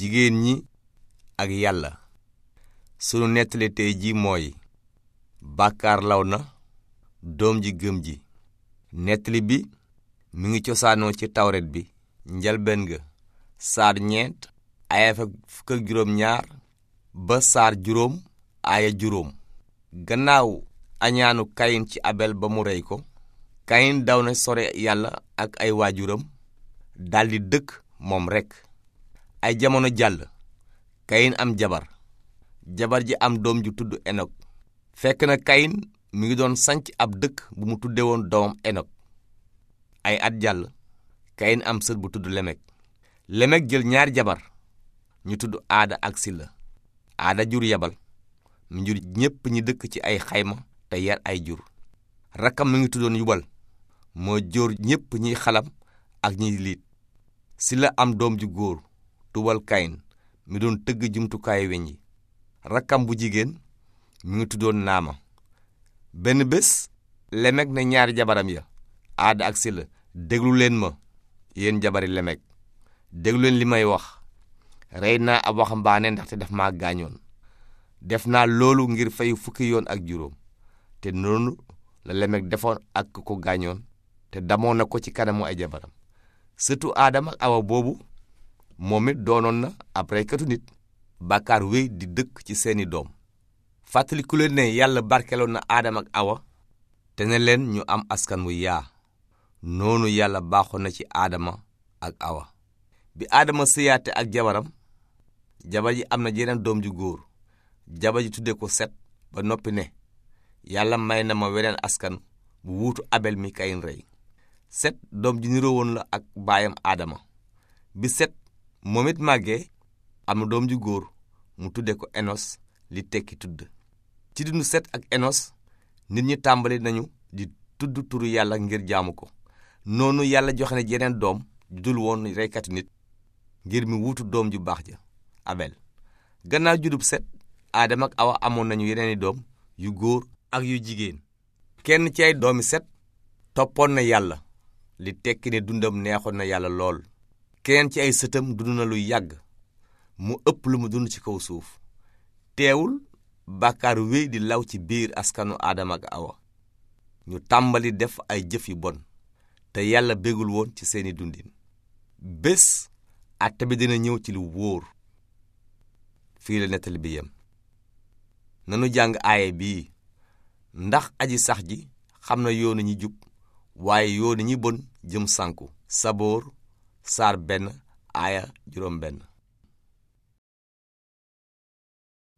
jigéen ñi ak yàlla sunu nettali tey ji mooy bàkkaar law na doom ji gëm ji nettali bi mu ngi cosaanoo ci tawret bi njalben ga saar ba saar juróom aaya juróom gannaaw añaanu kayin ci abel ba mu rey ko kayin daw na sore yàlla ak ay waajuram daldi dëkk moom rekk ay jamono jàll kayin am jabar jabar ji am doom ju tudd enok fekk na kayin mu ngi doon sanc ab dëkk bu mu tudde woon doomam enok ay at jàll kayin am sët bu tudd lemek lemek jël ñaari jabar ñu tudd aada ak silla aada jur yabal mu jur ñépp ñi dëkk ci ay xayma te yar ay jur rakkam mu ngi tuddoon yubal moo jóor ñépp ñiy xalam ak ñi liit silla am doom ju góor tubal kayin mi doon tëgg jumtukaayu weñ yi rakkam bu jigéen mi ngi tuddoon naama benn bés lemek ne ñaari jabaram ya aada ak sila déglu leen ma yéen jabari lemek déglu li may wax rey naa ab waxambaane ndaxte daf ma gaañoon def naa loolu ngir fay fukki yoon ak juróom te noonu la lemek defoon ak ko gaañoon te damoon na ko ci kanamu ay jabaram surtout aadama ak awa boobu moom it doonoon na ab reykatu nit bàkkaar wéy di dëkk ci seeni doom fàttaliku leen ne yàlla barkeloon na aadama ak awa te ne leen ñu am askan wu yaa noonu yàlla baaxoon na ci aadama ak awa bi aadama sëyaate ak jabaram jabar ji am na jeneen doom ju góor jabar ji tudde ko set ba noppi ne yàlla may na ma weneen askan bu wuutu abel mikayin rey set doom ji nuroowoon woon la ak baayam aadama bi set moom it màggee am na doom ju góor mu tudde ko enos li tekki tudd ci dund set ak enos nit ñi tàmbali nañu di tudd turu yàlla ngir jaamu ko noonu yàlla joxe na jeneen doom ju dul woon reykati nit ngir mi wuutu doom ju baax ja abel gannaaw judub set aadama ak awa amoon nañu yeneeni doom yu góor ak yu jigéen kenn ci ay doomi set toppoon na yàlla li tekki ne dundam neexoon na yàlla lool keneen ci ay sëtam dund na lu yàgg mu ëpp lu mu dund ci kaw suuf teewul bàkkaar wéy di law ci biir askanu aadama ak awa ñu tàmbali def ay jëf yu bon te yàlla bégul woon ci seeni dundin bés àtte bi dina ñëw ci lu wóor fii la nettali bi yem nanu jàng aaye bii ndax aji sax ji xam na yoonu ñi jub waaye yoonu ñi bon jëm sànku saboor saar benn aaya juróom benn